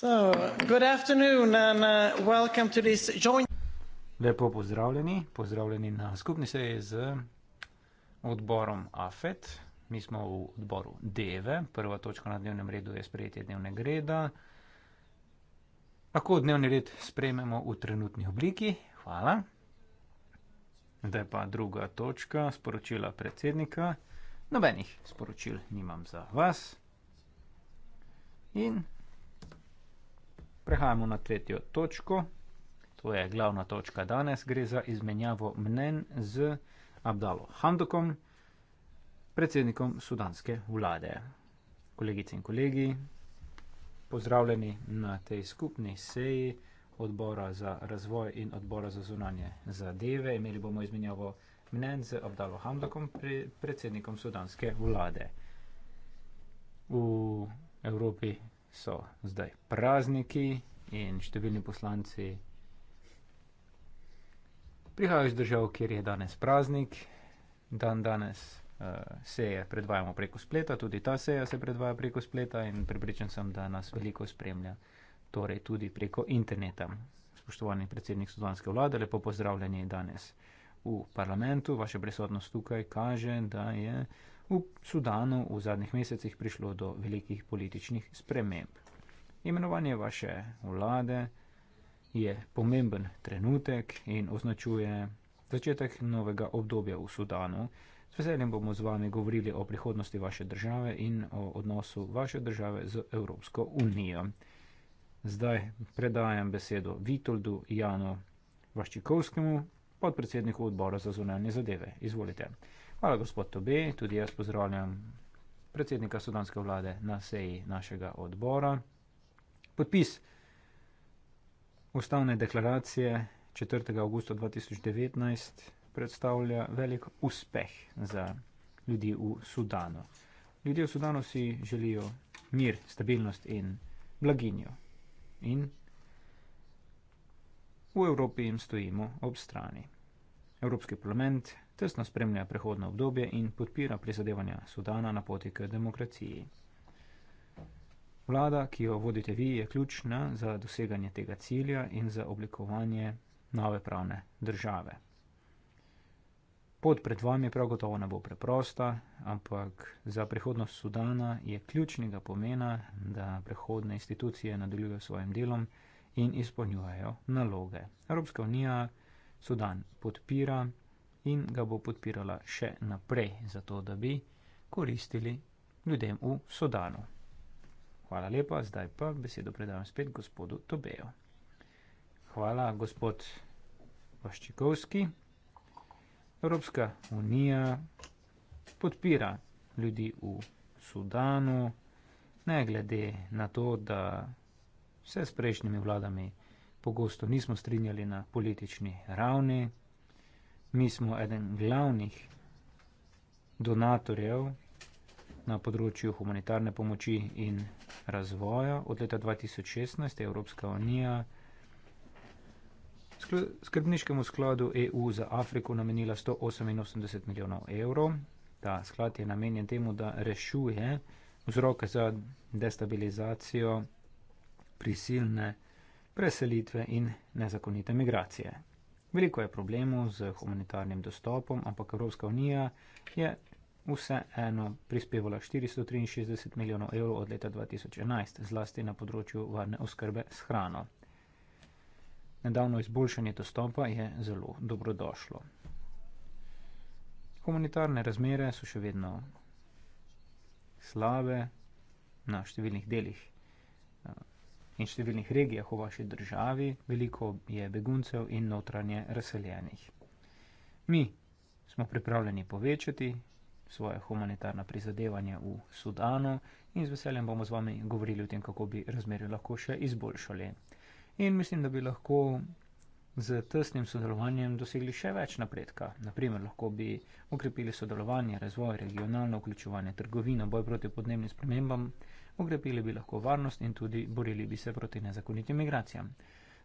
So, good afternoon and uh, welcome to this joint. Lepo pozdravljeni, pozdravljeni na skupni seji z odborom AFET. Mi smo v odboru DEVE. Prva točka na dnevnem redu je sprejetje dnevnega reda. Lahko dnevni red sprejmemo v trenutni obliki. Hvala. Zdaj pa druga točka, sporočila predsednika. Nobenih sporočil nimam za vas. In Prehajamo na tretjo točko, to je glavna točka danes, gre za izmenjavo mnen z Abdalo Hamdokom, predsednikom sudanske vlade. Kolegice in kolegi, pozdravljeni na tej skupni seji odbora za razvoj in odbora za zunanje zadeve. Imeli bomo izmenjavo mnen z Abdalo Hamdokom, pre, predsednikom sudanske vlade. V Evropi so zdaj prazniki in številni poslanci prihajajo iz držav, kjer je danes praznik. Dan danes uh, eh, se je predvajamo preko spleta, tudi ta seja se predvaja preko spleta in pripričan sem, da nas veliko spremlja, torej tudi preko interneta. Spoštovani predsednik sudanske vlade, lepo pozdravljeni danes v parlamentu. Vaša prisotnost tukaj kaže, da je uh, V Sudanu v zadnjih mesecih prišlo do velikih političnih sprememb. Imenovanje vaše vlade je pomemben trenutek in označuje začetek novega obdobja v Sudanu. Z veseljem bomo z vami govorili o prihodnosti vaše države in o odnosu vaše države z Evropsko unijo. Zdaj predajam besedo Vitoldu Janu Vaščikovskemu, podpredsedniku odbora za zunanje zadeve. Izvolite. Hvala, gospod Tobi. Tudi jaz pozdravljam predsednika sudanske vlade na seji našega odbora. Podpis ustavne deklaracije 4. augusta 2019 predstavlja velik uspeh za ljudi v Sudanu. Ljudje v Sudanu si želijo mir, stabilnost in blaginjo. In v Evropi jim stojimo ob strani. Evropski parlament tesno spremlja prehodno obdobje in podpira prizadevanja Sudana na poti k demokraciji. Vlada, ki jo vodite vi, je ključna za doseganje tega cilja in za oblikovanje nove pravne države. Pot pred vami prav gotovo ne bo preprosta, ampak za prihodnost Sudana je ključnega pomena, da prehodne institucije nadaljujejo svojim delom in izpolnjujejo naloge. Evropska unija Sudan podpira in ga bo podpirala še naprej, zato da bi koristili ljudem v Sodanu. Hvala lepa, zdaj pa besedo predajam spet gospodu Tobeju. Hvala, gospod Vaščikovski. Evropska unija podpira ljudi v Sudanu, ne glede na to, da se s prejšnjimi vladami pogosto nismo strinjali na politični ravni. Mi smo eden glavnih donatorjev na področju humanitarne pomoči in razvoja. Od leta 2016 je Evropska unija skrbniškemu skladu EU za Afriko namenila 188 milijonov evrov. Ta sklad je namenjen temu, da rešuje vzroke za destabilizacijo prisilne preselitve in nezakonite migracije. Veliko je problemov z humanitarnim dostopom, ampak Evropska unija je vseeno prispevala 463 milijonov evrov od leta 2011, zlasti na področju varne oskrbe s hrano. Nedavno izboljšanje dostopa je zelo dobrodošlo. Humanitarne razmere so še vedno slabe na številnih delih eh, in številnih regijah v vaši državi, veliko je beguncev in notranje razseljenih. Mi smo pripravljeni povečati svoje humanitarno prizadevanje v Sudanu in z veseljem bomo z vami govorili o tem, kako bi razmerje lahko še izboljšali. In mislim, da bi lahko z tesnim sodelovanjem dosegli še več napredka. Naprimer, lahko bi ukrepili sodelovanje, razvoj, regionalno vključovanje, trgovino, boj proti podnebnim spremembam okrepili bi lahko varnost in tudi borili bi se proti nezakonitim migracijam.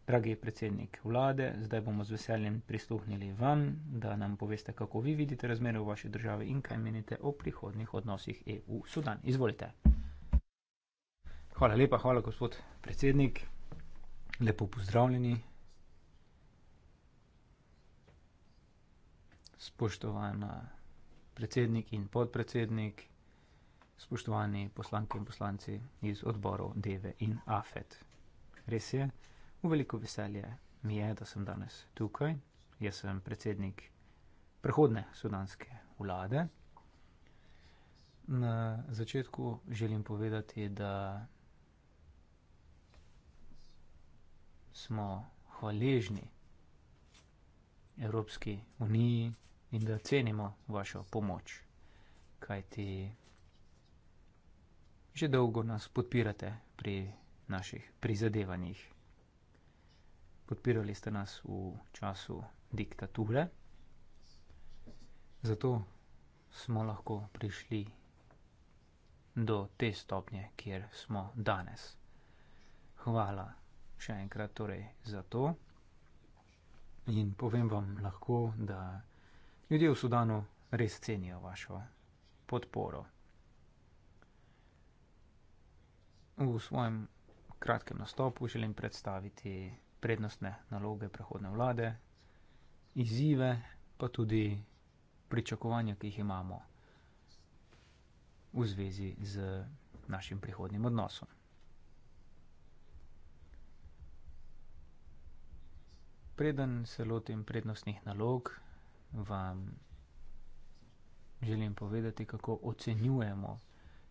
Dragi predsednik vlade, zdaj bomo z veseljem prisluhnili vam, da nam poveste, kako vi vidite razmere v vaši državi in kaj menite o prihodnih odnosih EU-Sudan. Izvolite. Hvala lepa, hvala gospod predsednik. Lepo pozdravljeni. Spoštovana predsednik in podpredsednik spoštovani poslanke in poslanci iz odborov Deve in Afet. Res je, v veliko veselje mi je, da sem danes tukaj. Jaz sem predsednik prehodne sudanske vlade. Na začetku želim povedati, da smo hvaležni Evropski uniji in da cenimo vašo pomoč, kajti že dolgo nas podpirate pri naših prizadevanjih. Podpirali ste nas v času diktature, zato smo lahko prišli do te stopnje, kjer smo danes. Hvala še enkrat torej za to in povem vam lahko, da ljudje v Sudanu res cenijo vašo podporo. V svojem kratkem nastopu želim predstaviti prednostne naloge prehodne vlade, izzive, pa tudi pričakovanja, ki jih imamo v zvezi z našim prihodnim odnosom. Preden se lotim prednostnih nalog, vam želim povedati, kako ocenjujemo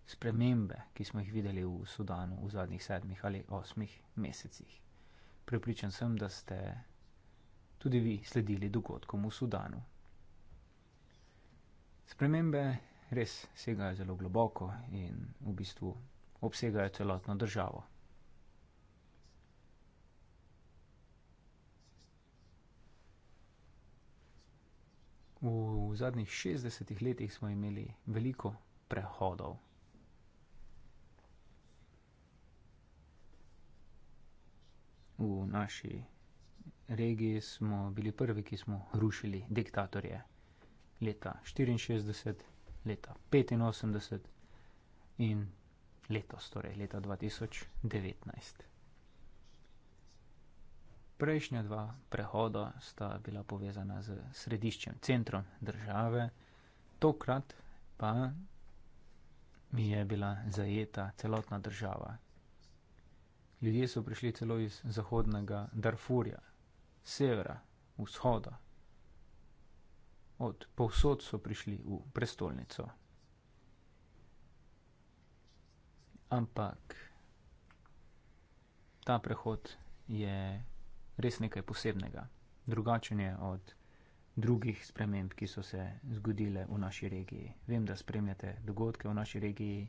spremembe, ki smo jih videli v Sudanu v zadnjih sedmih ali osmih mesecih. Prepričan sem, da ste tudi vi sledili dogodkom v Sudanu. Spremembe res segajo zelo globoko in v bistvu obsegajo celotno državo. V zadnjih 60 letih smo imeli veliko prehodov v naši regiji smo bili prvi, ki smo rušili diktatorje leta 64, leta 85 in letos, torej leta 2019. Prejšnja dva prehoda sta bila povezana z središčem, centrom države, tokrat pa mi je bila zajeta celotna država. Ljudje so prišli celo iz zahodnega Darfurja, severa, vzhoda. Od povsod so prišli v prestolnico. Ampak ta prehod je res nekaj posebnega, drugačen je od drugih sprememb, ki so se zgodile v naši regiji. Vem, da spremljate dogodke v naši regiji,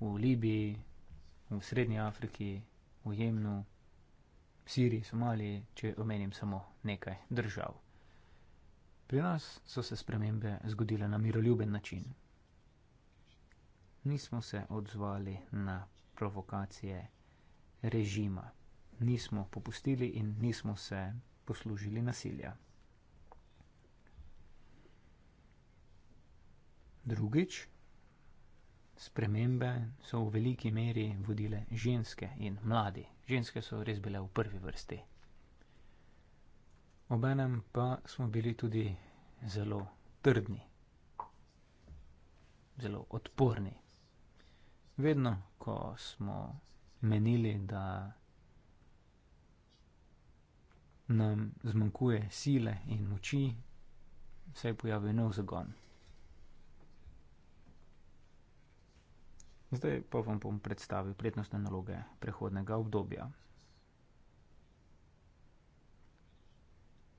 v Libiji, v Srednji Afriki, v Jemnu, v Siriji, Somaliji, če omenim samo nekaj držav. Pri nas so se spremembe zgodile na miroljuben način. Nismo se odzvali na provokacije režima, nismo popustili in nismo se poslužili nasilja. Drugič, spremembe so v veliki meri vodile ženske in mladi. Ženske so res bile v prvi vrsti. Obenem pa smo bili tudi zelo trdni, zelo odporni. Vedno, ko smo menili, da nam zmanjkuje sile in moči, se je pojavil nov zagon. Zdaj pa vam bom predstavil prednostne naloge prehodnega obdobja.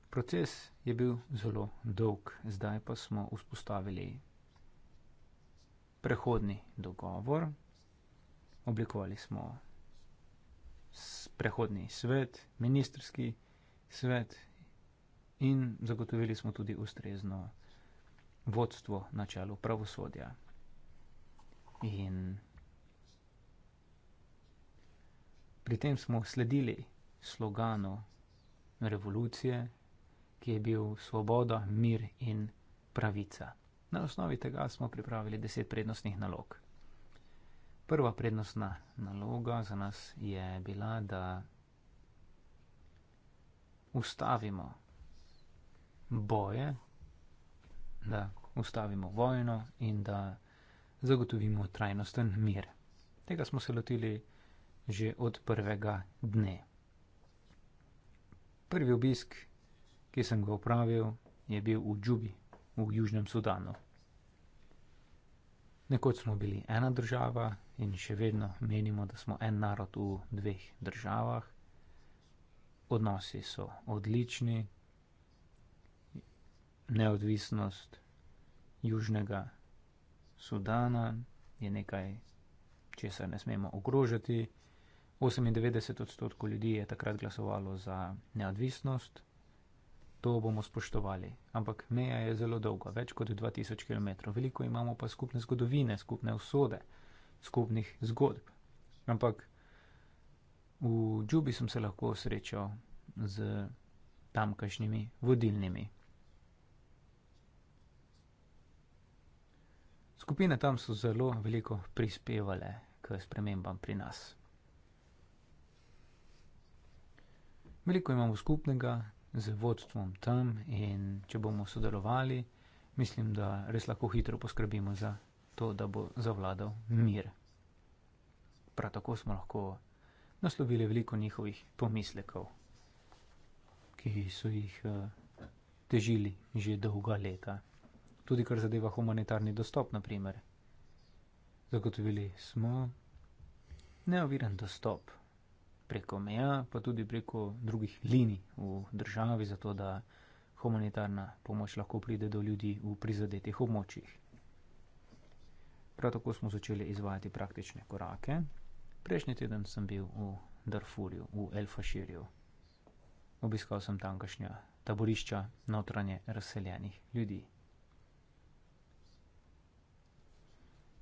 Proces je bil zelo dolg, zdaj pa smo vzpostavili prehodni dogovor, oblikovali smo prehodni svet, ministerski svet in zagotovili smo tudi ustrezno vodstvo na čelu pravosodja. In pri tem smo sledili sloganu revolucije, ki je bil svoboda, mir in pravica. Na osnovi tega smo pripravili deset prednostnih nalog. Prva prednostna naloga za nas je bila, da ustavimo boje, da ustavimo vojno in da zagotovimo trajnosten mir. Tega smo se lotili že od prvega dne. Prvi obisk, ki sem ga opravil, je bil v Džubi, v Južnem Sudanu. Nekoč smo bili ena država in še vedno menimo, da smo en narod v dveh državah. Odnosi so odlični, neodvisnost južnega Sudana je nekaj, česar ne smemo ogrožati. 98 odstotkov ljudi je takrat glasovalo za neodvisnost. To bomo spoštovali. Ampak meja je zelo dolga, več kot 2000 km. Veliko imamo pa skupne zgodovine, skupne usode, skupnih zgodb. Ampak v Džubi sem se lahko srečal z tamkajšnjimi vodilnimi. Skupine tam so zelo veliko prispevale k spremembam pri nas. Veliko imamo skupnega z vodstvom tam in če bomo sodelovali, mislim, da res lahko hitro poskrbimo za to, da bo zavladal mir. Prav tako smo lahko naslovili veliko njihovih pomislekov, ki so jih eh, težili že dolga leta tudi kar zadeva humanitarni dostop, naprimer. Zagotovili smo neoviran dostop preko meja, pa tudi preko drugih linij v državi, zato da humanitarna pomoč lahko pride do ljudi v prizadetih območjih. Prav tako smo začeli izvajati praktične korake. Prejšnji teden sem bil v Darfurju, v Elfaširju. Obiskal sem tamkajšnja taborišča notranje razseljenih ljudi.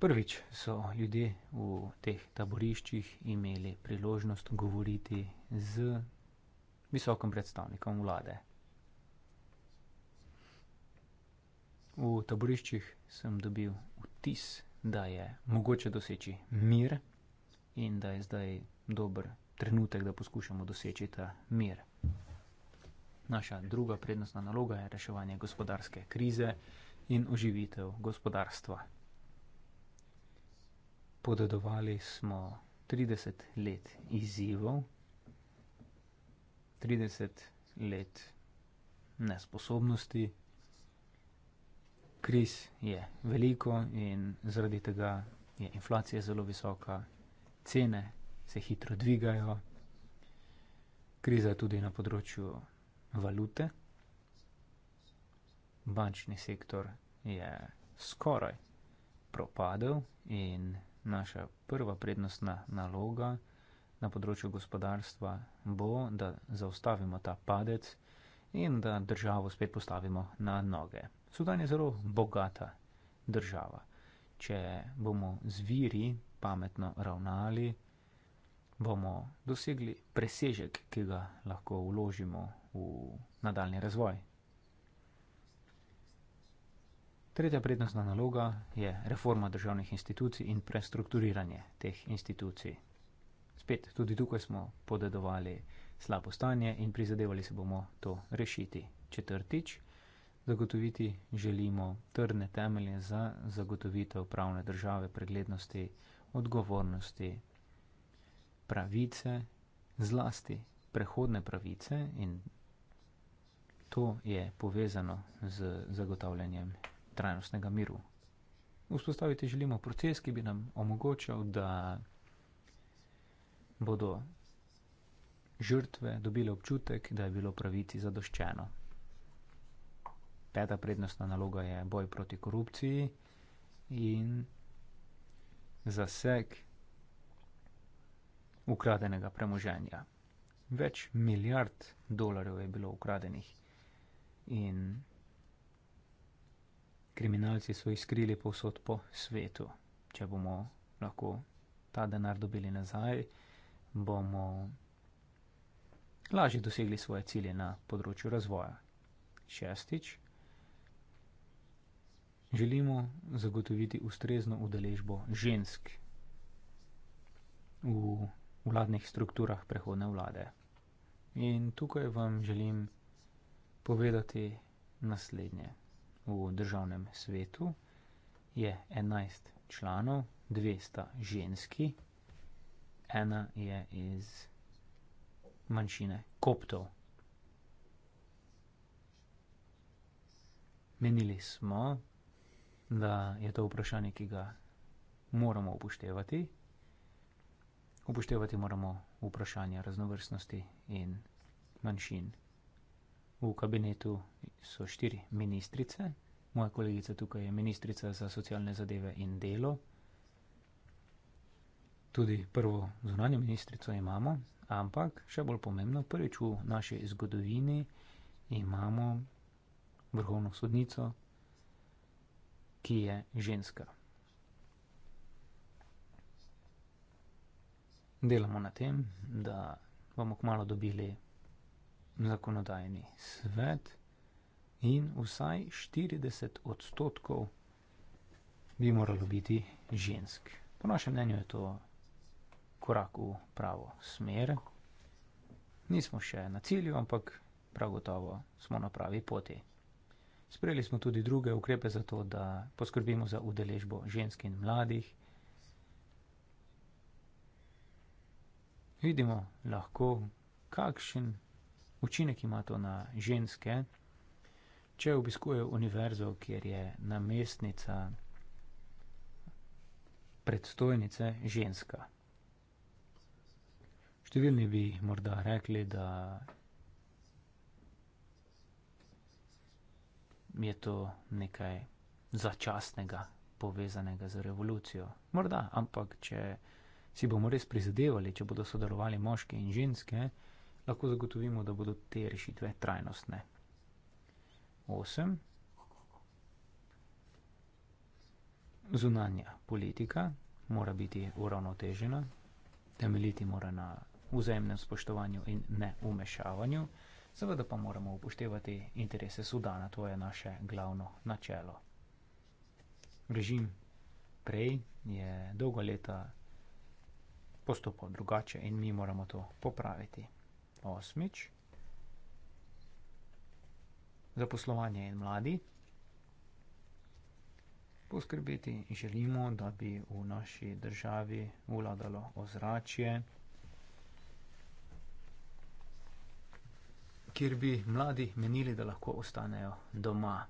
Prvič so ljudje v teh taboriščih imeli priložnost govoriti z visokim predstavnikom vlade. V taboriščih sem dobil vtis, da je mogoče doseči mir in da je zdaj dober trenutek, da poskušamo doseči ta mir. Naša druga prednostna naloga je reševanje gospodarske krize in oživitev gospodarstva podedovali smo 30 let izzivov, 30 let nesposobnosti. Kriz je veliko in zaradi tega je inflacija zelo visoka, cene se hitro dvigajo, kriza je tudi na področju valute, bančni sektor je skoraj propadel in naša prva prednostna naloga na področju gospodarstva bo, da zaustavimo ta padec in da državo spet postavimo na noge. Sudan je zelo bogata država. Če bomo z viri pametno ravnali, bomo dosegli presežek, ki ga lahko vložimo v nadaljni razvoj Tretja prednostna naloga je reforma državnih institucij in prestrukturiranje teh institucij. Spet, tudi tukaj smo podedovali slabo stanje in prizadevali se bomo to rešiti. Četrtič, zagotoviti želimo trdne temelje za zagotovitev pravne države, preglednosti, odgovornosti, pravice, zlasti prehodne pravice in to je povezano z zagotavljanjem trajnostnega miru. Vzpostaviti želimo proces, ki bi nam omogočal, da bodo žrtve dobile občutek, da je bilo pravici zadoščeno. Peta prednostna naloga je boj proti korupciji in zaseg ukradenega premoženja. Več milijard dolarjev je bilo ukradenih in Kriminalci so jih skrili povsod po svetu. Če bomo lahko ta denar dobili nazaj, bomo lažje dosegli svoje cilje na področju razvoja. Šestič. Želimo zagotoviti ustrezno udeležbo žensk v vladnih strukturah prehodne vlade. In tukaj vam želim povedati naslednje v državnem svetu je 11 članov, dve sta ženski, ena je iz manjšine koptov. Menili smo, da je to vprašanje, ki ga moramo upoštevati. Upoštevati moramo vprašanje raznovrstnosti in manjšin. V kabinetu so štiri ministrice. Moja kolegica tukaj je ministrica za socialne zadeve in delo. Tudi prvo zunanjo ministrico imamo, ampak še bolj pomembno, prvič v naši zgodovini imamo vrhovno sodnico, ki je ženska. Delamo na tem, da bomo kmalo dobili zakonodajni svet in vsaj 40 odstotkov bi moralo biti žensk. Po našem mnenju je to korak v pravo smer. Nismo še na cilju, ampak prav gotovo smo na pravi poti. Sprejeli smo tudi druge ukrepe za to, da poskrbimo za udeležbo žensk in mladih. Vidimo lahko, kakšen učinek ima to na ženske, če obiskujejo univerzo, kjer je namestnica predstojnice ženska. Številni bi morda rekli, da je to nekaj začasnega, povezanega z revolucijo. Morda, ampak če si bomo res prizadevali, če bodo sodelovali moške in ženske, lahko zagotovimo, da bodo te rešitve trajnostne. 8. Zunanja politika mora biti uravnotežena, temeljiti mora na vzajemnem spoštovanju in ne umešavanju, seveda pa moramo upoštevati interese Sudana, to je naše glavno načelo. Režim prej je dolgo leta postopal drugače in mi moramo to popraviti. Osmič. Zaposlovanje in mladi. Poskrbeti želimo, da bi v naši državi vladalo ozračje, kjer bi mladi menili, da lahko ostanejo doma,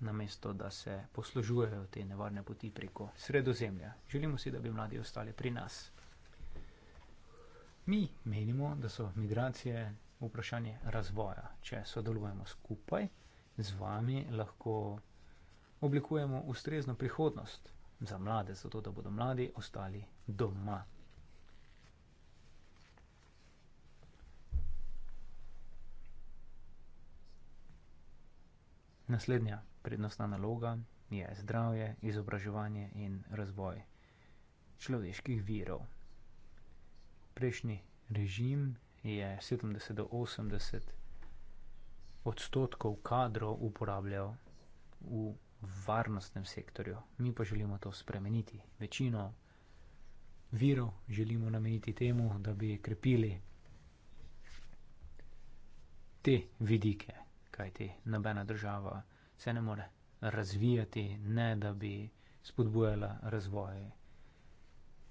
namesto da se poslužujejo te nevarne poti preko sredozemlja. Želimo si, da bi mladi ostali pri nas. Mi menimo, da so migracije vprašanje razvoja. Če sodelujemo skupaj z vami, lahko oblikujemo ustrezno prihodnost za mlade, zato da bodo mladi ostali doma. Naslednja prednostna naloga je zdravje, izobraževanje in razvoj človeških virov prejšnji režim je 70 do 80 odstotkov kadrov uporabljal v varnostnem sektorju. Mi pa želimo to spremeniti. Večino virov želimo nameniti temu, da bi krepili te vidike, kajti nobena država se ne more razvijati, ne da bi spodbujala razvoj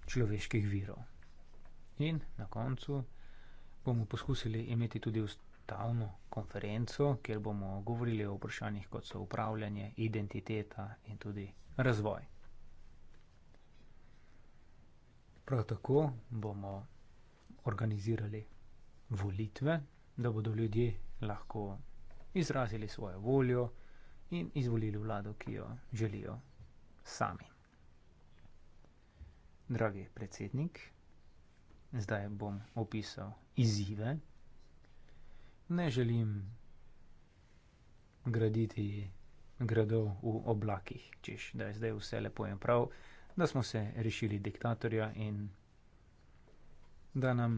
človeških virov. In na koncu bomo poskusili imeti tudi ustavno konferenco, kjer bomo govorili o vprašanjih kot so upravljanje, identiteta in tudi razvoj. Prav tako bomo organizirali volitve, da bodo ljudje lahko izrazili svojo voljo in izvolili vlado, ki jo želijo sami. Dragi predsednik, zdaj bom opisal izzive. Ne želim graditi gradov v oblakih, češ da je zdaj vse lepo in prav, da smo se rešili diktatorja in da, nam,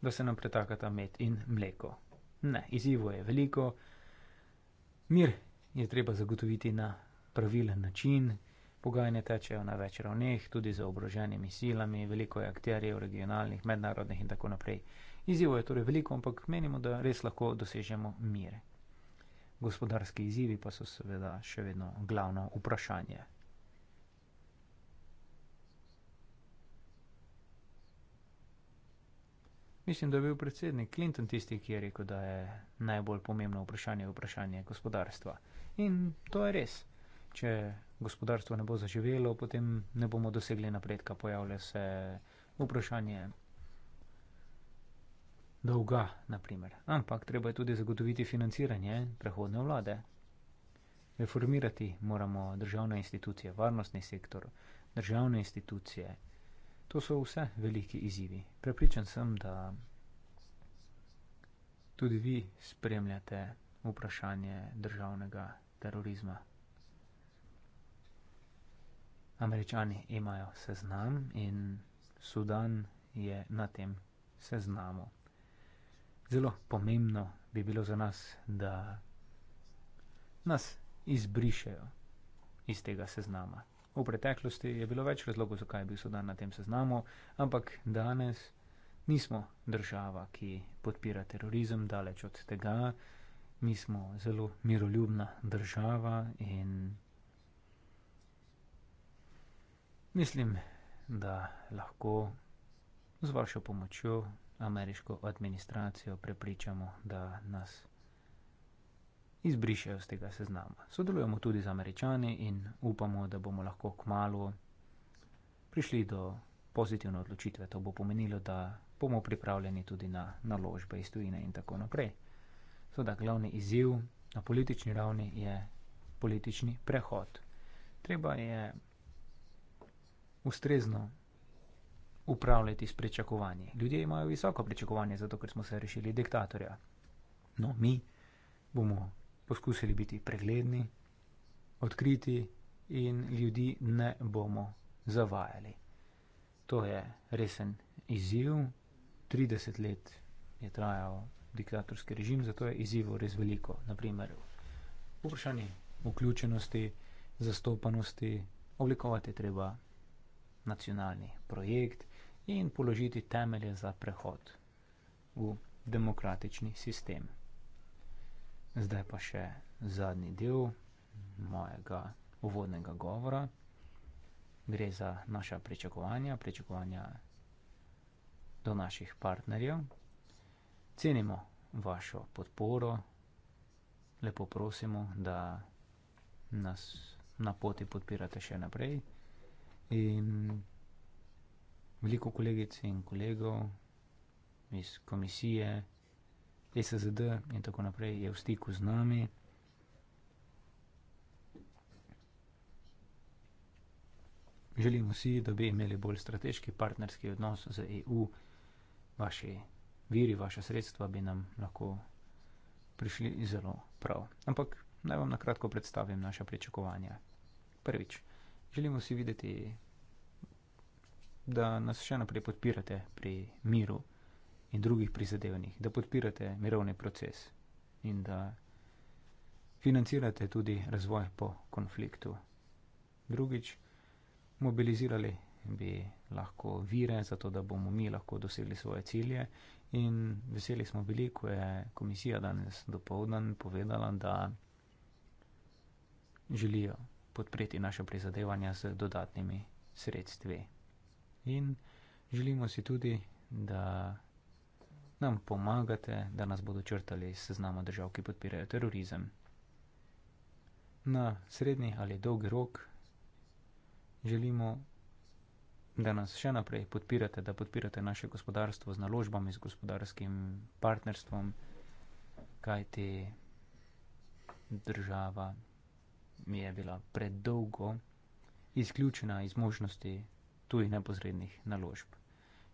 da se nam pretakata med in mleko. Ne, izzivo je veliko, mir je treba zagotoviti na pravilen način. Pogajanja tečejo na več ravneh, tudi z obroženimi silami, veliko je akterjev, regionalnih, mednarodnih in tako naprej. Izzivo je torej veliko, ampak menimo, da res lahko dosežemo mire. Gospodarski izzivi pa so seveda še vedno glavno vprašanje. Mislim, da je bil predsednik Clinton tisti, ki je rekel, da je najbolj pomembno vprašanje vprašanje gospodarstva. In to je res. Če gospodarstvo ne bo zaživelo, potem ne bomo dosegli napredka. Pojavlja se vprašanje dolga, naprimer. Ampak treba je tudi zagotoviti financiranje prehodne vlade. Reformirati moramo državne institucije, varnostni sektor, državne institucije. To so vse veliki izzivi. Prepričan sem, da tudi vi spremljate vprašanje državnega terorizma. Američani imajo seznam in Sudan je na tem seznamu. Zelo pomembno bi bilo za nas, da nas izbrišejo iz tega seznama. V preteklosti je bilo več razlogov, zakaj je bil Sudan na tem seznamu, ampak danes nismo država, ki podpira terorizem, daleč od tega. Mi smo zelo miroljubna država in Mislim, da lahko z vašo pomočjo ameriško administracijo prepričamo, da nas izbrišajo z tega seznama. Sodelujemo tudi z američani in upamo, da bomo lahko k malu prišli do pozitivne odločitve. To bo pomenilo, da bomo pripravljeni tudi na naložbe iz tujine in tako naprej. Seveda glavni izziv na politični ravni je politični prehod. Treba je ustrezno upravljati s pričakovanji. Ljudje imajo visoko pričakovanje, zato ker smo se rešili diktatorja. No, mi bomo poskusili biti pregledni, odkriti in ljudi ne bomo zavajali. To je resen izziv. 30 let je trajal diktatorski režim, zato je izzivov res veliko. Naprimer, vprašanje vključenosti, zastopanosti, oblikovati treba nacionalni projekt in položiti temelje za prehod v demokratični sistem. Zdaj pa še zadnji del mojega uvodnega govora. Gre za naša pričakovanja, pričakovanja do naših partnerjev. Cenimo vašo podporo, lepo prosimo, da nas na poti podpirate še naprej in veliko kolegic in kolegov iz komisije, SZD in tako naprej je v stiku z nami. Želimo si, da bi imeli bolj strateški partnerski odnos z EU, vaši viri, vaša sredstva bi nam lahko prišli zelo prav. Ampak naj vam na kratko predstavim naša pričakovanja. Prvič, želimo si videti da nas še naprej podpirate pri miru in drugih prizadevanjih, da podpirate mirovni proces in da financirate tudi razvoj po konfliktu. Drugič, mobilizirali bi lahko vire, zato da bomo mi lahko dosegli svoje cilje in veseli smo bili, ko je komisija danes dopovdan povedala, da želijo podpreti naše prizadevanja z dodatnimi sredstvi in želimo si tudi, da nam pomagate, da nas bodo črtali iz seznama držav, ki podpirajo terorizem. Na srednji ali dolgi rok želimo, da nas še naprej podpirate, da podpirate naše gospodarstvo z naložbami, z gospodarskim partnerstvom, kajti država mi je bila predolgo izključena iz možnosti tujih neposrednih naložb.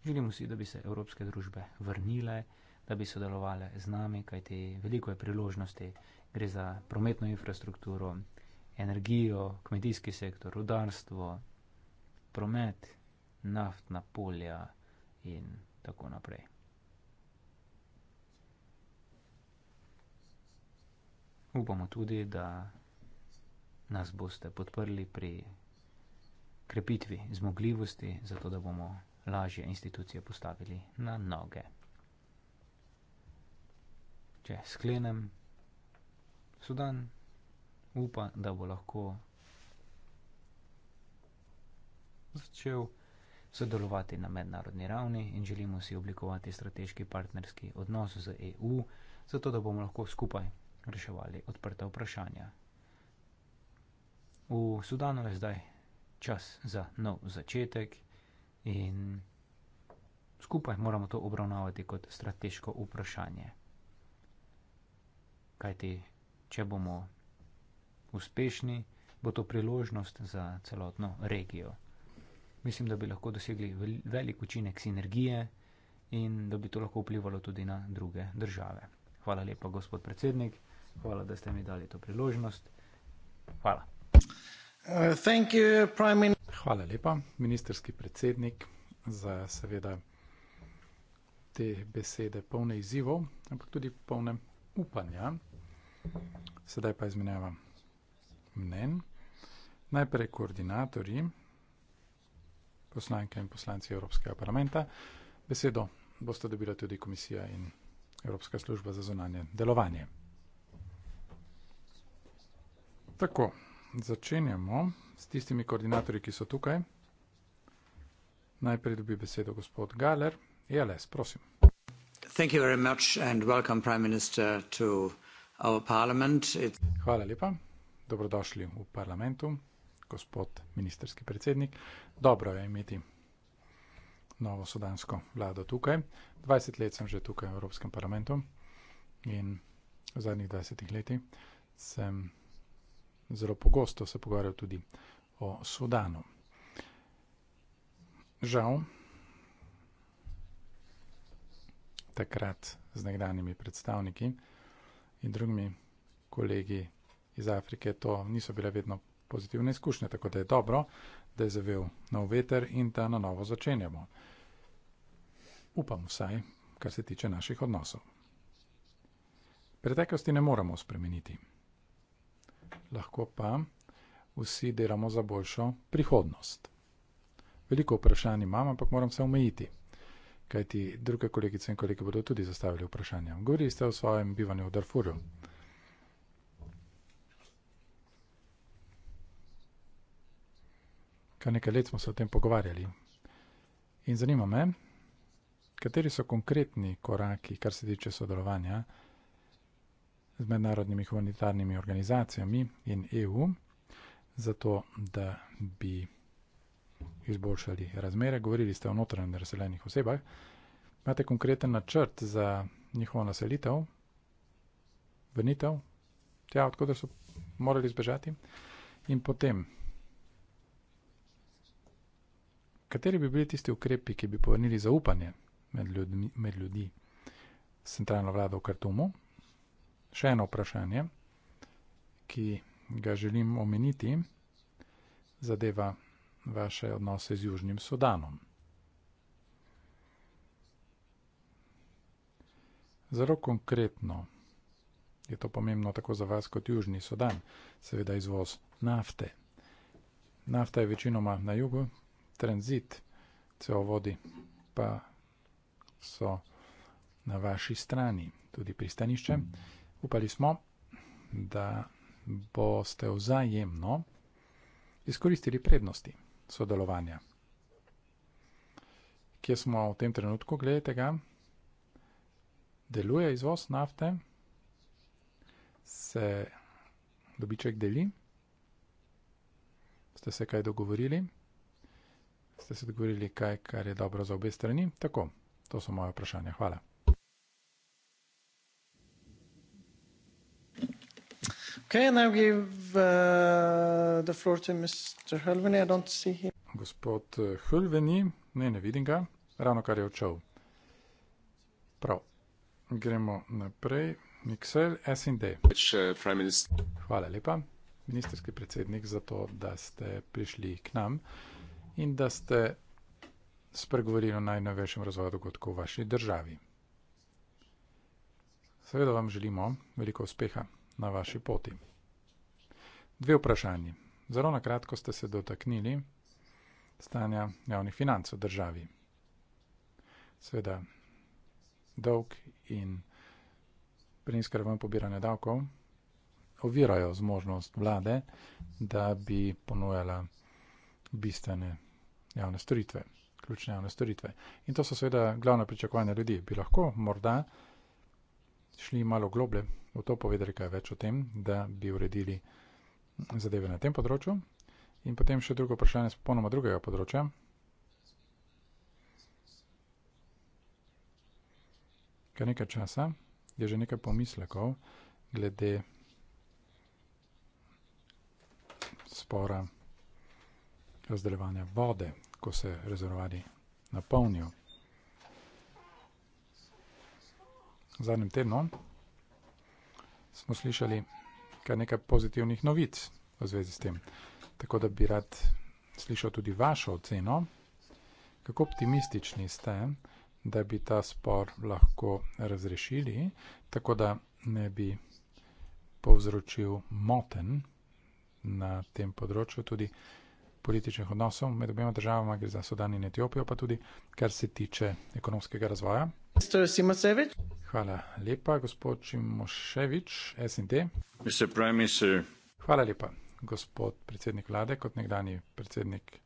Želimo si, da bi se evropske družbe vrnile, da bi sodelovali z nami, kajti veliko je priložnosti, gre za prometno infrastrukturo, energijo, kmetijski sektor, rudarstvo, promet, naftna polja in tako naprej. Upamo tudi, da nas boste podprli pri krepitvi zmogljivosti, zato da bomo lažje institucije postavili na noge. Če sklenem, Sudan upa, da bo lahko začel sodelovati na mednarodni ravni in želimo si oblikovati strateški partnerski odnos z EU, zato da bomo lahko skupaj reševali odprta vprašanja. V Sudanu je zdaj čas za nov začetek in skupaj moramo to obravnavati kot strateško vprašanje. Kajti, če bomo uspešni, bo to priložnost za celotno regijo. Mislim, da bi lahko dosegli velik učinek sinergije in da bi to lahko vplivalo tudi na druge države. Hvala lepa, gospod predsednik, hvala, da ste mi dali to priložnost. Hvala. Hvala lepa, ministerski predsednik, za seveda te besede polne izzivov, ampak tudi polne upanja. Sedaj pa izmenjava mnen. Najprej koordinatorji, poslanke in poslanci Evropskega parlamenta. Besedo boste dobila tudi komisija in Evropska služba za zunanje delovanje. Tako. Začenjamo s tistimi koordinatorji, ki so tukaj. Najprej dobi besedo gospod Galer, ELS, prosim. Thank you very much and welcome prime minister to our parliament. It... Hvala lepa, dobrodošli v parlamentu, gospod ministerski predsednik. Dobro je imeti novo sudansko vlado tukaj. 20 let sem že tukaj v Evropskem parlamentu in v zadnjih 20 letih sem zelo pogosto se pogovarjal tudi o Sudanu. Žal, takrat z nekdanjimi predstavniki in drugimi kolegi iz Afrike to niso bile vedno pozitivne izkušnje, tako da je dobro, da je zavel nov veter in da na novo začenjamo. Upam vsaj, kar se tiče naših odnosov. Preteklosti ne moramo spremeniti lahko pa vsi delamo za boljšo prihodnost. Veliko vprašanj imam, ampak moram se omejiti, kajti druge kolegice in kolege bodo tudi zastavili vprašanja. Govorili ste o svojem bivanju v Darfurju. Kar nekaj let smo se o tem pogovarjali. In zanima me, kateri so konkretni koraki, kar se tiče sodelovanja z mednarodnimi humanitarnimi organizacijami in EU, zato da bi izboljšali razmere. Govorili ste o notranjih razseljenih osebah. Imate konkreten načrt za njihovo naselitev, vrnitev tja, odkudar so morali zbežati in potem. Kateri bi bili tisti ukrepi, ki bi povrnili zaupanje med, ljudmi, med ljudi s centralno vlado v Kartumu, še eno vprašanje, ki ga želim omeniti, zadeva vaše odnose z Južnim Sudanom. Zelo konkretno je to pomembno tako za vas kot Južni Sudan, seveda izvoz nafte. Nafta je večinoma na jugu, tranzit cevovodi pa so na vaši strani, tudi pristanišče. Mm -hmm. Upali smo, da boste vzajemno izkoristili prednosti sodelovanja. Kje smo v tem trenutku, gledajte ga, deluje izvoz nafte, se dobiček deli, ste se kaj dogovorili, ste se dogovorili kaj, kar je dobro za obe strani, tako, to so moje vprašanja, hvala. Okay, now give uh, the floor to Mr. Hulveni. I don't see him. Gospod uh, Hulveni, ne, ne vidim ga, ravno kar je odšel. Prav, gremo naprej. Miksel SND. Uh, Hvala lepa, ministerski predsednik, za to, da ste prišli k nam in da ste spregovorili o najnovejšem razvoju dogodkov v vaši državi. Seveda vam želimo veliko uspeha na vaši poti. Dve vprašanji. Zelo na kratko ste se dotaknili stanja javnih financ v državi. Sveda, dolg in prenizka raven pobiranja davkov ovirajo zmožnost vlade, da bi ponujala bistvene javne storitve, ključne javne storitve. In to so seveda glavne pričakovanja ljudi. Bi lahko morda šli malo globlje v to povedali kaj več o tem, da bi uredili zadeve na tem področju. In potem še drugo vprašanje z popolnoma drugega področja. Kar nekaj časa je že nekaj pomislekov glede spora razdeljevanja vode, ko se rezervari napolnijo. V zadnjem tednu smo slišali kar nekaj pozitivnih novic v zvezi s tem. Tako da bi rad slišal tudi vašo oceno, kako optimistični ste, da bi ta spor lahko razrešili, tako da ne bi povzročil moten na tem področju tudi političnih odnosov med obema državama, gre za Sudan in Etiopijo, pa tudi kar se tiče ekonomskega razvoja. Hvala lepa, gospod Čimoševič, SND. Hvala lepa, gospod predsednik vlade, kot nekdani predsednik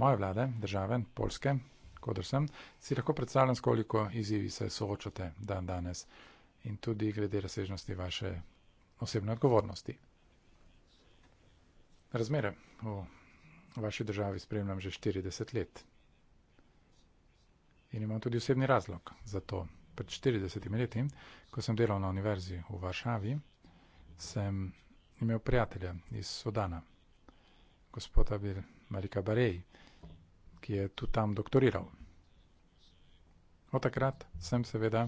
moje vlade, države, polske, kot sem, si lahko predstavljam, s koliko izzivi se soočate dan danes in tudi glede razsežnosti vaše osebne odgovornosti. Razmere v vaši državi spremljam že 40 let. In imam tudi osebni razlog za to, pred 40 leti, ko sem delal na univerzi v Varšavi, sem imel prijatelja iz Sodana, gospoda Marika Barej, ki je tu tam doktoriral. Od takrat sem seveda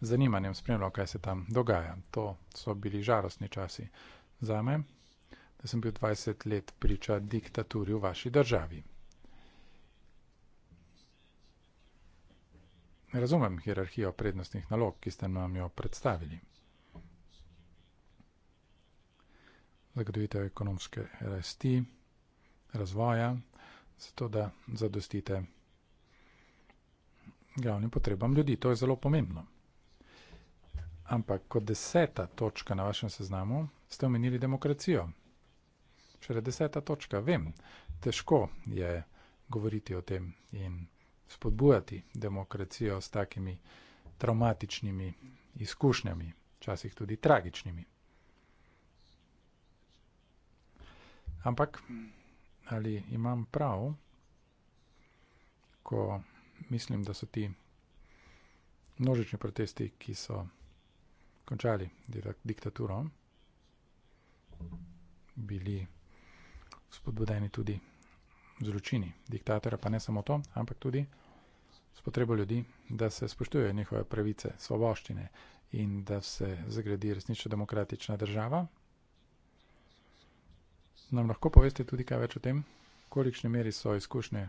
z zanimanjem spremljal, kaj se tam dogaja. To so bili žalostni časi za me, da sem bil 20 let priča diktaturi v vaši državi. ne razumem hierarhijo prednostnih nalog, ki ste nam jo predstavili. Zagotovitev ekonomske rasti, razvoja, zato da zadostite glavnim potrebam ljudi. To je zelo pomembno. Ampak kot deseta točka na vašem seznamu ste omenili demokracijo. Šele deseta točka, vem, težko je govoriti o tem in spodbujati demokracijo s takimi traumatičnimi izkušnjami, včasih tudi tragičnimi. Ampak ali imam prav, ko mislim, da so ti množični protesti, ki so končali diktaturo, bili spodbudeni tudi zločini diktatora, pa ne samo to, ampak tudi s potrebo ljudi, da se spoštujejo njihove pravice, svoboščine in da se zagradi resnično demokratična država. Nam lahko poveste tudi kaj več o tem, kolikšne meri so izkušnje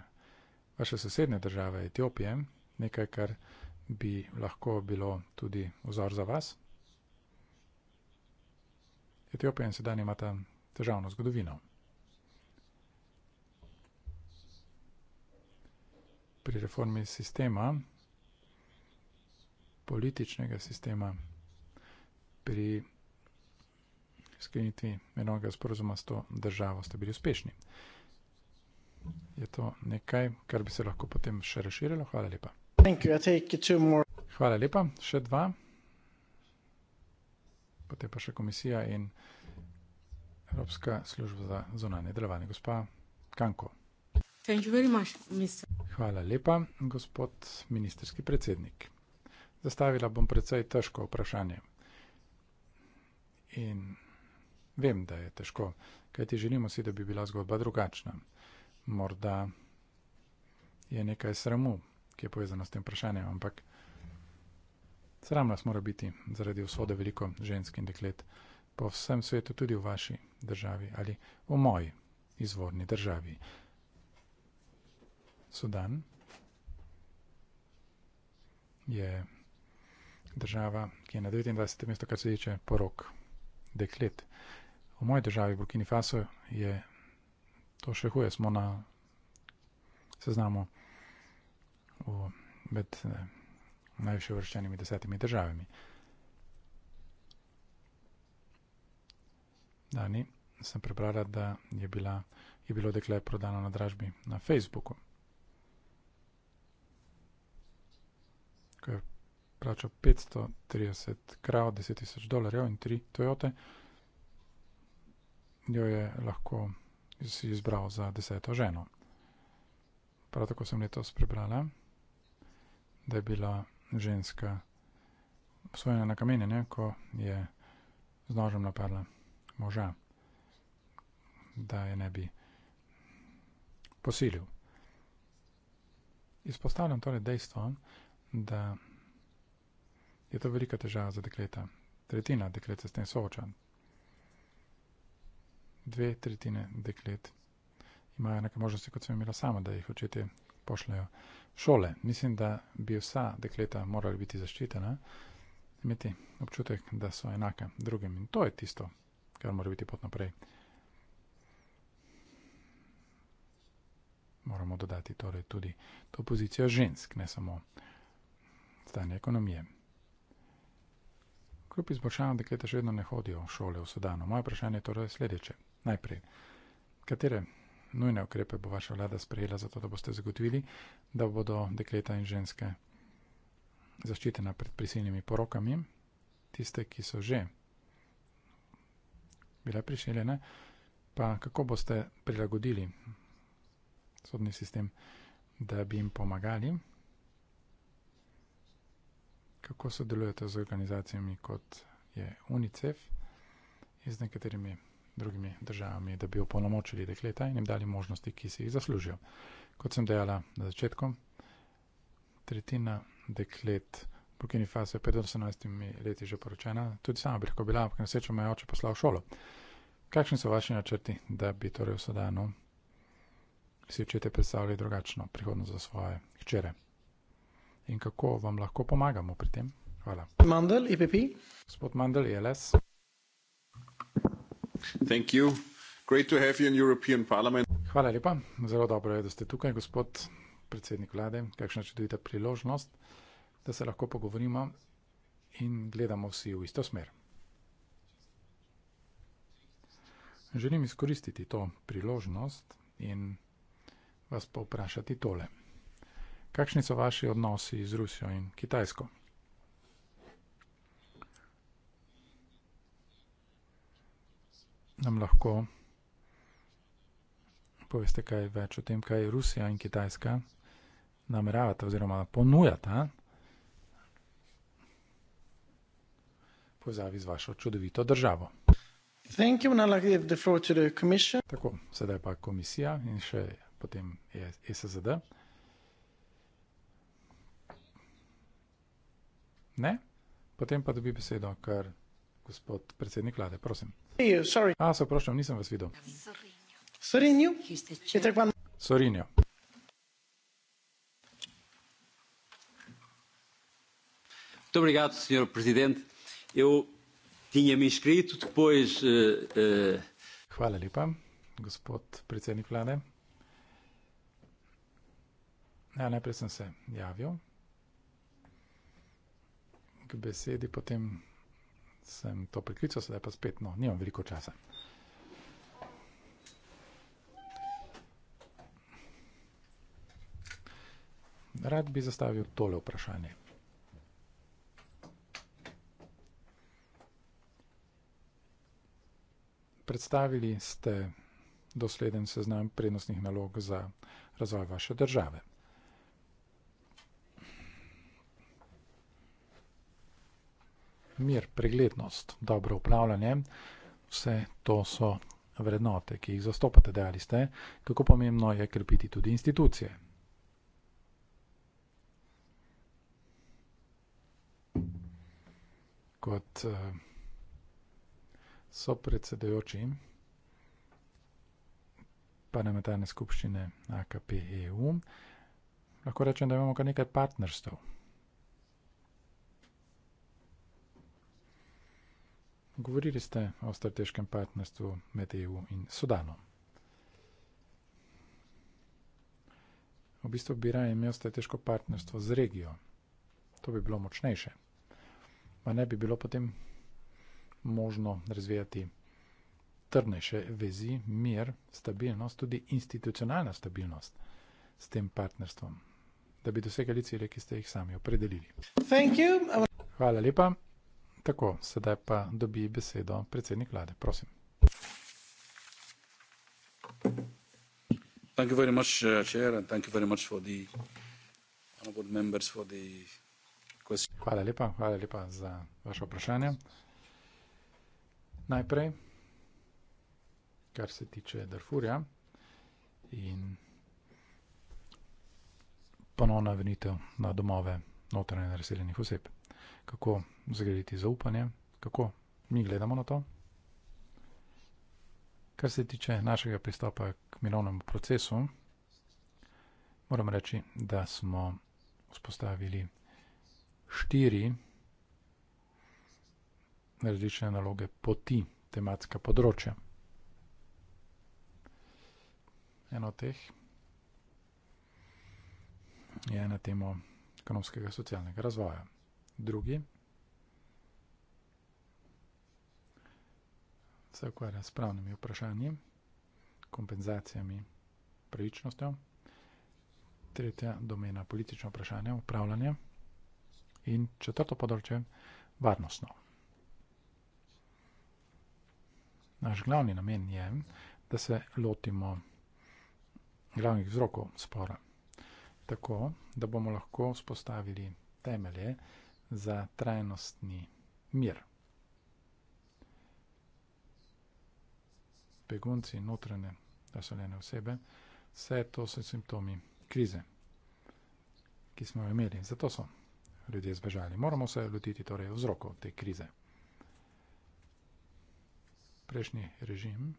vaše sosedne države Etiopije, nekaj, kar bi lahko bilo tudi vzor za vas. Etiopija in sedaj imata težavno zgodovino. pri reformi sistema, političnega sistema, pri sklenitvi mirovnega sporozuma s to državo ste bili uspešni. Je to nekaj, kar bi se lahko potem še razširilo? Hvala lepa. Hvala lepa, še dva. Potem pa še komisija in Evropska služba za zunanje delovanje. Gospa Kanko. Thank you very much, Mr. Hvala lepa, gospod ministerski predsednik. Zastavila bom precej težko vprašanje. In vem, da je težko, kajti želimo si, da bi bila zgodba drugačna. Morda je nekaj sramu, ki je povezano s tem vprašanjem, ampak sram nas mora biti zaradi usode veliko žensk in deklet po vsem svetu, tudi v vaši državi ali v moji izvorni državi. Sudan je država, ki je na 29. mestu, kar se tiče porok deklet. V moji državi, Burkini Faso, je to še huje. Smo na seznamu med eh, najviše vrščenimi desetimi državami. Dani sem prebrala, da je, bila, je bilo dekle prodano na dražbi na Facebooku. ki je plačal 530 krav, 10 tisoč dolarjev in 3 Toyote, jo je lahko si izbral za deseto ženo. Prav tako sem letos prebrala, da je bila ženska obsojena na kamenjenje, ko je z nožem napadla moža, da je ne bi posilil. Izpostavljam torej dejstvo, da je to velika težava za dekleta. Tretjina deklet se s tem sooča. Dve tretjine deklet imajo enake možnosti, kot sem imela sama, da jih očetje pošljajo šole. Mislim, da bi vsa dekleta morala biti zaščitena, imeti občutek, da so enake drugim. In to je tisto, kar mora biti pot naprej. Moramo dodati torej tudi to pozicijo žensk, ne samo žensk stanje ekonomije. Kljub izboljšanju dekleta še vedno ne hodijo v šole v Sudanu. Moje vprašanje je torej sledeče. Najprej, katere nujne ukrepe bo vaša vlada sprejela za to, da boste zagotovili, da bodo dekleta in ženske zaščitena pred prisilnimi porokami, tiste, ki so že bile prišeljene, pa kako boste prilagodili sodni sistem, da bi jim pomagali? kako sodelujete z organizacijami kot je UNICEF in z nekaterimi drugimi državami, da bi opolnomočili dekleta in jim dali možnosti, ki si jih zaslužijo. Kot sem dejala na začetku, tretjina deklet v Burkini Faso je pred 18 leti že poročena, tudi sama bi lahko bila, ampak na srečo me je oče poslal v šolo. Kakšni so vaši načrti, da bi torej v Sodanu si očete predstavljali drugačno prihodnost za svoje hčere? in kako vam lahko pomagamo pri tem. Hvala. Mandel, IPP. E gospod Mandel, e LS. Hvala lepa, zelo dobro je, da ste tukaj, gospod predsednik vlade. Kakšna čudovita priložnost, da se lahko pogovorimo in gledamo vsi v isto smer. Želim izkoristiti to priložnost in vas pa vprašati tole. Kakšni so vaši odnosi z Rusijo in Kitajsko? Nam lahko poveste kaj več o tem, kaj Rusija in Kitajska nameravata oziroma ponujata povezavi z vašo čudovito državo. You, Tako, sedaj pa komisija in še potem ESZD. E Ne, potem pa dobi besedo, ker gospod predsednik vlade, prosim. Uh, A, se vprašam, nisem vas videl. Sorinjo. Obrigado, senhor presidente. Eu tinha-me inscrito depois. Uh, uh... Lepa, gospod predsednik vlade. Ja, najprej sem se javil k besedi, potem sem to priklical, sedaj pa spet, no, nimam veliko časa. Rad bi zastavil tole vprašanje. Predstavili ste dosleden seznam prednostnih nalog za razvoj vaše države. mir, preglednost, dobro upravljanje, vse to so vrednote, ki jih zastopate, da ali ste, kako pomembno je krepiti tudi institucije. Kot eh, so predsedojoči parlamentarne skupščine AKP-EU, lahko rečem, da imamo kar nekaj partnerstv. Govorili ste o strateškem partnerstvu med EU in Sudanom. V bistvu bi raje imel strateško partnerstvo z regijo. To bi bilo močnejše. Pa ne bi bilo potem možno razvijati trdnejše vezi, mir, stabilnost, tudi institucionalna stabilnost s tem partnerstvom, da bi dosegali cilje, ki ste jih sami opredelili. Hvala lepa. Tako, sedaj pa dobi besedo predsednik vlade. Prosim. Thank you very much, uh, Chair, and thank you very much for the honorable members for the question. Hvala lepa, hvala lepa za vaše vprašanje. Najprej, kar se tiče Darfurja in ponovna vrnitev na domove notranje razseljenih oseb kako zgraditi zaupanje, kako mi gledamo na to. Kar se tiče našega pristopa k mirovnemu procesu, moram reči, da smo vzpostavili štiri različne naloge poti, tematska področja. Eno od teh je na temo ekonomskega socialnega razvoja drugi. Se ukvarja s pravnimi vprašanji, kompenzacijami, pravičnostjo. Tretja domena politično vprašanje, upravljanje. In četrto področje, varnostno. Naš glavni namen je, da se lotimo glavnih vzrokov spora. Tako, da bomo lahko spostavili temelje, za trajnostni mir. Begunci, notranje razsoljene osebe, vse to so simptomi krize, ki smo jo imeli. Zato so ljudje zbežali. Moramo se lotiti torej vzrokov te krize. Prejšnji režim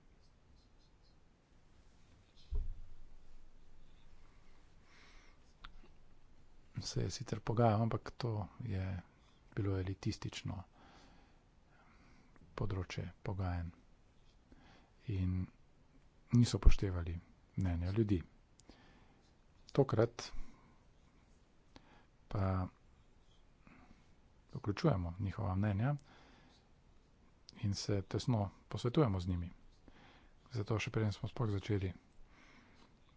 se je sicer pogajal, ampak to je bilo elitistično področje pogajanj in niso poštevali mnenja ljudi. Tokrat pa vključujemo njihova mnenja in se tesno posvetujemo z njimi. Zato še preden smo sploh začeli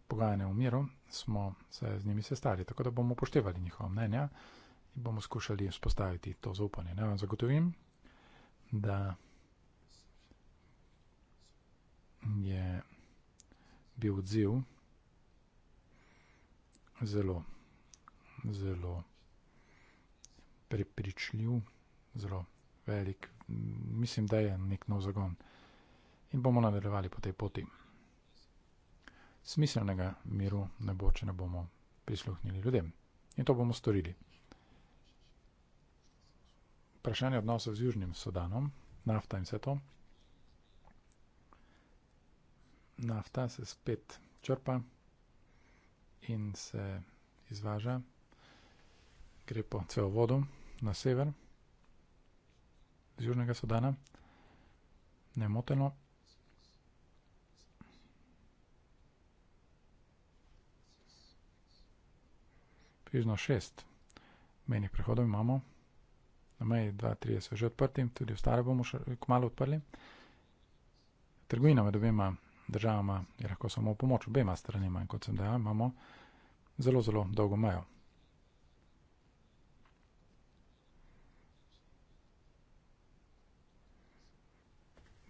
pogajanja v miru, smo se z njimi sestali, tako da bomo upoštevali njihova mnenja in bomo skušali vzpostaviti to zaupanje. Naj vam zagotovim, da je bil odziv zelo, zelo prepričljiv, zelo velik. Mislim, da je nek nov zagon. In bomo nadaljevali po tej poti smiselnega miru ne bo, če ne bomo prisluhnili ljudem. In to bomo storili. Vprašanje odnosov z Južnim Sudanom, nafta in vse to. Nafta se spet črpa in se izvaža, gre po cel vodu na sever z Južnega Sudana, nemoteno. Križno 6, meni prehodov imamo, na meji 2.30 so že odprti, tudi ostale bomo še kmalo odprli. Trgovina med obema državama je lahko samo pomoč obema stranima in kot sem dejal, imamo zelo, zelo dolgo mejo.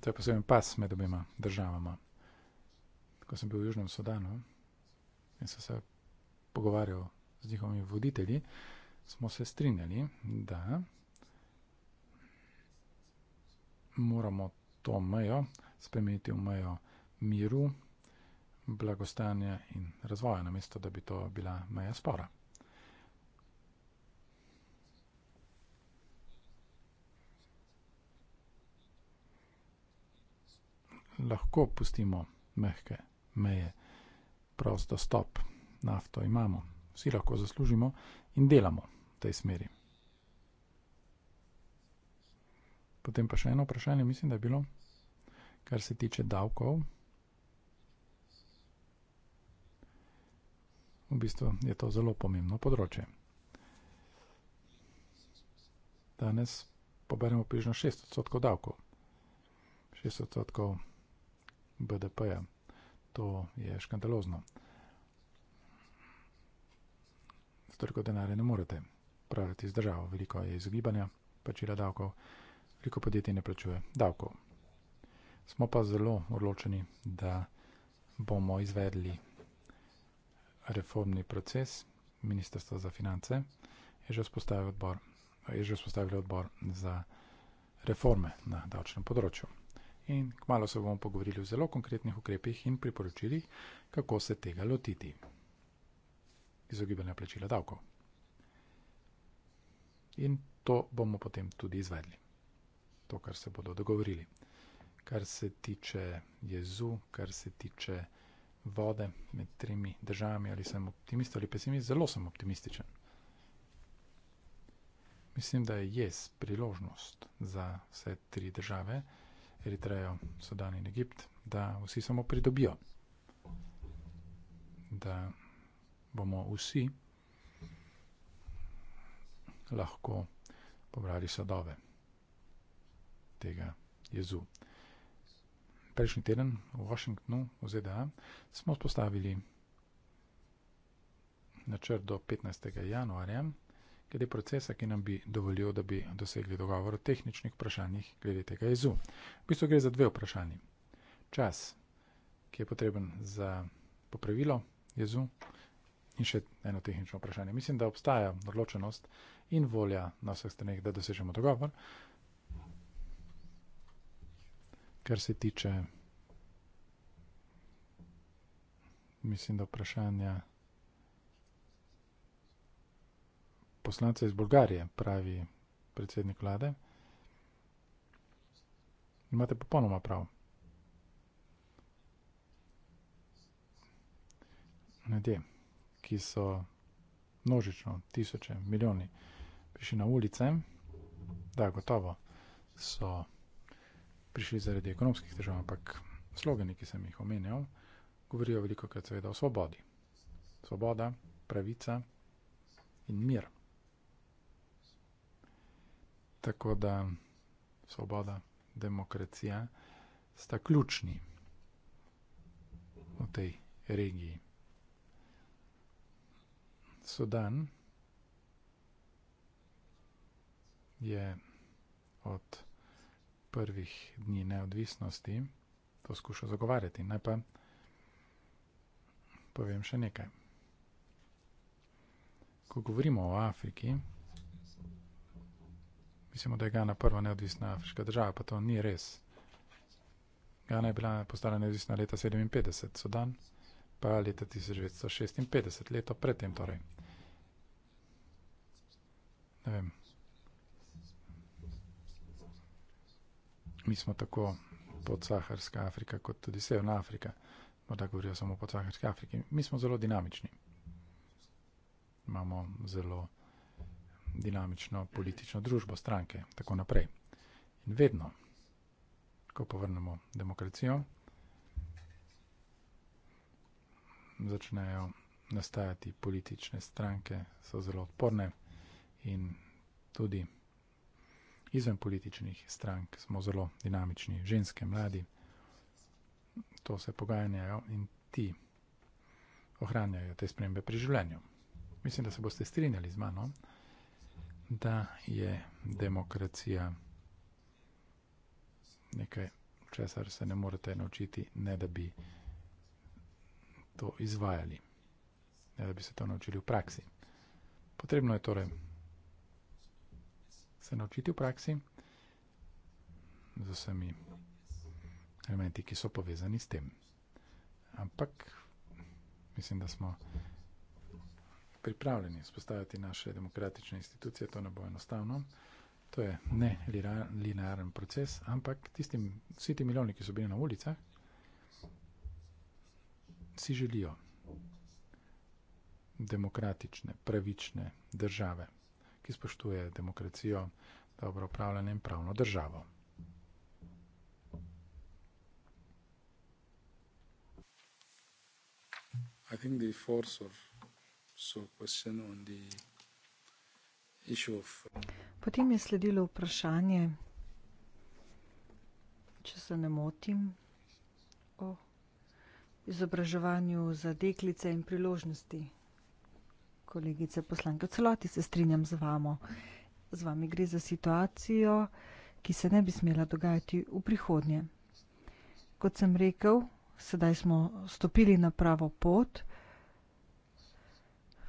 To je poseben pas med obema državama. Ko sem bil v Južnem Sudanu in sem se pogovarjal o z njihovimi voditelji, smo se strinjali, da moramo to mejo spremeniti v mejo miru, blagostanja in razvoja, namesto da bi to bila meja spora. Lahko pustimo mehke meje, prost dostop, nafto imamo, vsi lahko zaslužimo in delamo v tej smeri. Potem pa še eno vprašanje, mislim, da je bilo, kar se tiče davkov. V bistvu je to zelo pomembno področje. Danes poberemo približno 6 odstotkov davkov. 6 odstotkov BDP-ja. To je škandalozno. toliko denarja ne morete. Praviti z državo, veliko je izogibanja, plačila davkov, veliko podjetij ne plačuje davkov. Smo pa zelo odločeni, da bomo izvedli reformni proces. Ministrstvo za finance je že vzpostavilo odbor, je že vzpostavilo odbor za reforme na davčnem področju. In kmalo se bomo pogovorili o zelo konkretnih ukrepih in priporočili, kako se tega lotiti izogibanja plačila davkov. In to bomo potem tudi izvedli, to, kar se bodo dogovorili. Kar se tiče jezu, kar se tiče vode med tremi državami, ali sem optimist ali pesimist, zelo sem optimističen. Mislim, da je jaz priložnost za vse tri države, Eritrejo, Sudan in Egipt, da vsi samo pridobijo. Da bomo vsi lahko pobrali sadove tega jezu. Prejšnji teden v Washingtonu v ZDA smo spostavili načrt do 15. januarja, glede procesa, ki nam bi dovolil, da bi dosegli dogovor o tehničnih vprašanjih glede tega jezu. V bistvu gre za dve vprašanji. Čas, ki je potreben za popravilo jezu, In še eno tehnično vprašanje. Mislim, da obstaja odločenost in volja na vseh stranih, da dosežemo dogovor. Kar se tiče, mislim, da vprašanja poslance iz Bolgarije, pravi predsednik vlade, imate popolnoma prav. Nadje. No, ki so množično, tisoče, milijoni prišli na ulice, da gotovo so prišli zaradi ekonomskih težav, ampak slogani, ki sem jih omenjal, govorijo veliko krat seveda o svobodi. Svoboda, pravica in mir. Tako da svoboda, demokracija sta ključni v tej regiji. Sudan je od prvih dni neodvisnosti to skušal zagovarjati. Naj pa povem še nekaj. Ko govorimo o Afriki, mislimo, da je Gana prva neodvisna afriška država, pa to ni res. Gana je bila postala neodvisna leta 1957, Sudan pa leta 1956, leto predtem torej. Ne vem. Mi smo tako podsaharska Afrika, kot tudi Severna Afrika. Morda govorijo samo o podsaharski Afriki. Mi smo zelo dinamični. Imamo zelo dinamično politično družbo, stranke in tako naprej. In vedno, ko povrnemo demokracijo, začnejo nastajati politične stranke, so zelo odporne in tudi izven političnih strank smo zelo dinamični, ženske, mladi, to se pogajanjajo in ti ohranjajo te spremembe pri življenju. Mislim, da se boste strinjali z mano, da je demokracija nekaj, česar se ne morete naučiti, ne da bi to izvajali, ne da bi se to naučili v praksi. Potrebno je torej se naučiti v praksi z vsemi elementi, ki so povezani s tem. Ampak mislim, da smo pripravljeni spostaviti naše demokratične institucije, to ne bo enostavno. To je ne linearen proces, ampak tisti, vsi ti milijoni, ki so bili na ulicah, si želijo demokratične, pravične države, ki spoštuje demokracijo, dobro upravljanje in pravno državo. I think the force of so question on the issue of Potem je sledilo vprašanje, če se ne motim, izobraževanju za deklice in priložnosti. Kolegice poslanke, v celoti se strinjam z vamo. Z vami gre za situacijo, ki se ne bi smela dogajati v prihodnje. Kot sem rekel, sedaj smo stopili na pravo pot,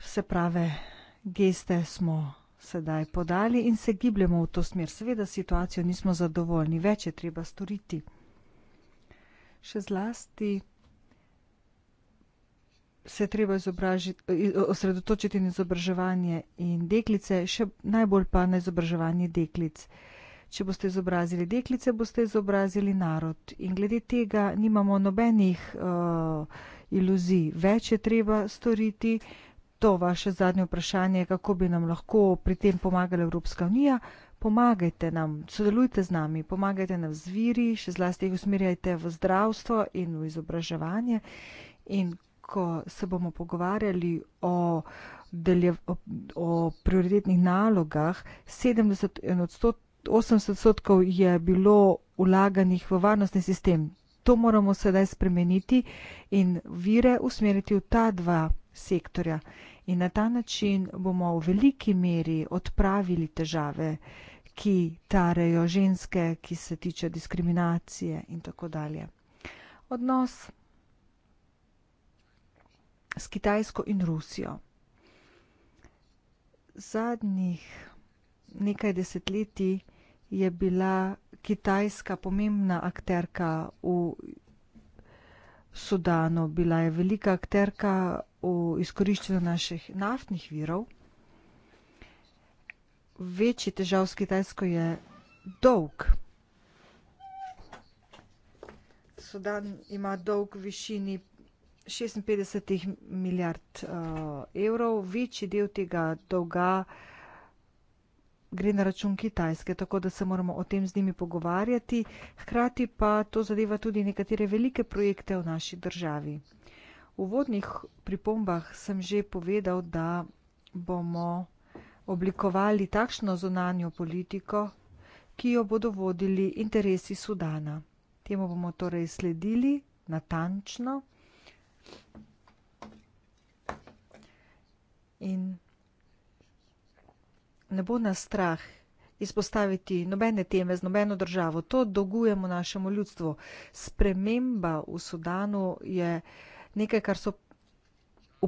vse prave geste smo sedaj podali in se gibljemo v to smer. Seveda situacijo nismo zadovoljni, več je treba storiti. Še zlasti se je treba osredotočiti na izobraževanje in deklice, še najbolj pa na izobraževanje deklic. Če boste izobrazili deklice, boste izobrazili narod. In glede tega nimamo nobenih uh, iluzij. Več je treba storiti. To vaše zadnje vprašanje, kako bi nam lahko pri tem pomagala Evropska unija. Pomagajte nam, sodelujte z nami, pomagajte nam z viri, še zlasti jih usmerjajte v zdravstvo in v izobraževanje. In ko se bomo pogovarjali o, delje, o, o prioritetnih nalogah, 70 in 80 odstotkov je bilo vlaganih v varnostni sistem. To moramo sedaj spremeniti in vire usmeriti v ta dva sektorja. In na ta način bomo v veliki meri odpravili težave, ki tarejo ženske, ki se tiče diskriminacije in tako dalje. Odnos s Kitajsko in Rusijo. Zadnjih nekaj desetletij je bila Kitajska pomembna akterka v Sudanu, bila je velika akterka v izkoriščanju naših naftnih virov. Večji težav s Kitajsko je dolg. Sudan ima dolg v višini 56 milijard uh, evrov, večji del tega dolga gre na račun Kitajske, tako da se moramo o tem z njimi pogovarjati. Hkrati pa to zadeva tudi nekatere velike projekte v naši državi. V vodnih pripombah sem že povedal, da bomo oblikovali takšno zunanjo politiko, ki jo bodo vodili interesi Sudana. Temu bomo torej sledili natančno. In ne bo nas strah izpostaviti nobene teme z nobeno državo. To dolgujemo našemu ljudstvu. Sprememba v Sudanu je nekaj, kar so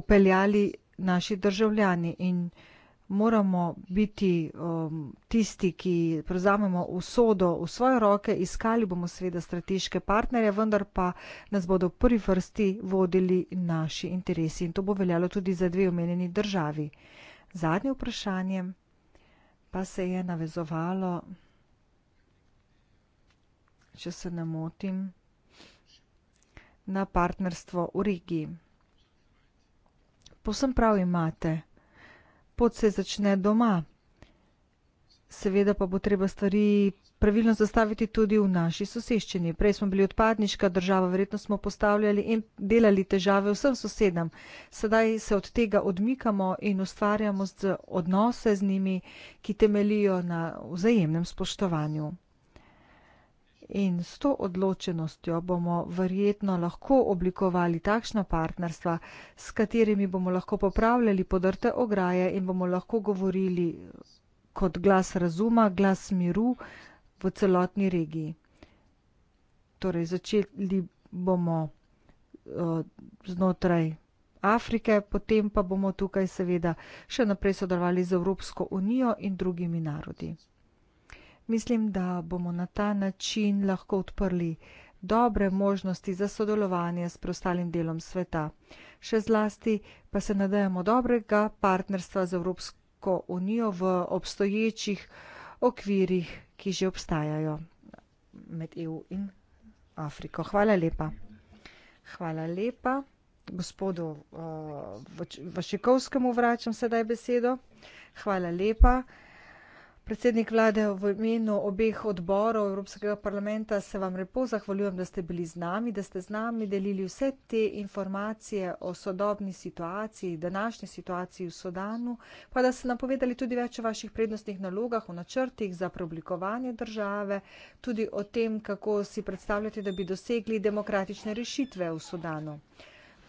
upeljali naši državljani in državljani moramo biti um, tisti, ki prevzamemo usodo v svoje roke, iskali bomo seveda strateške partnerje, vendar pa nas bodo v prvi vrsti vodili naši interesi in to bo veljalo tudi za dve omenjeni državi. Zadnje vprašanje pa se je navezovalo, če se ne motim, na partnerstvo v regiji. Posem prav imate pot se začne doma. Seveda pa bo treba stvari pravilno zastaviti tudi v naši soseščini. Prej smo bili odpadniška država, verjetno smo postavljali in delali težave vsem sosedam. Sedaj se od tega odmikamo in ustvarjamo z odnose z njimi, ki temelijo na vzajemnem spoštovanju. In s to odločenostjo bomo verjetno lahko oblikovali takšna partnerstva, s katerimi bomo lahko popravljali podrte ograje in bomo lahko govorili kot glas razuma, glas miru v celotni regiji. Torej, začeli bomo uh, znotraj Afrike, potem pa bomo tukaj seveda še naprej sodelovali z Evropsko unijo in drugimi narodi. Mislim, da bomo na ta način lahko odprli dobre možnosti za sodelovanje s prostalim delom sveta. Še zlasti pa se nadajamo dobrega partnerstva z Evropsko unijo v obstoječih okvirih, ki že obstajajo med EU in Afriko. Hvala lepa. Hvala lepa. Gospodu uh, Vašikovskemu vračam sedaj besedo. Hvala lepa. Predsednik vlade, v imenu obeh odborov Evropskega parlamenta se vam lepo zahvaljujem, da ste bili z nami, da ste z nami delili vse te informacije o sodobni situaciji, današnji situaciji v Sodanu, pa da ste napovedali tudi več o vaših prednostnih nalogah, o načrtih za preoblikovanje države, tudi o tem, kako si predstavljate, da bi dosegli demokratične rešitve v Sodanu.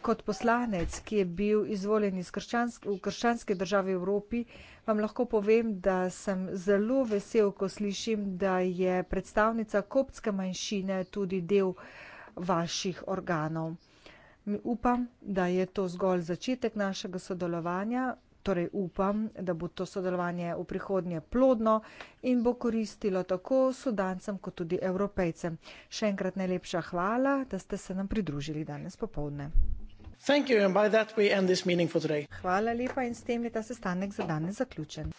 Kot poslanec, ki je bil izvoljen iz krščansk v krščanske države Evropi, vam lahko povem, da sem zelo vesel, ko slišim, da je predstavnica koptske manjšine tudi del vaših organov. Upam, da je to zgolj začetek našega sodelovanja, torej upam, da bo to sodelovanje v prihodnje plodno in bo koristilo tako sudancem kot tudi evropejcem. Še enkrat najlepša hvala, da ste se nam pridružili danes popovdne. Hvala lepa in s tem je ta sestanek za danes zaključen.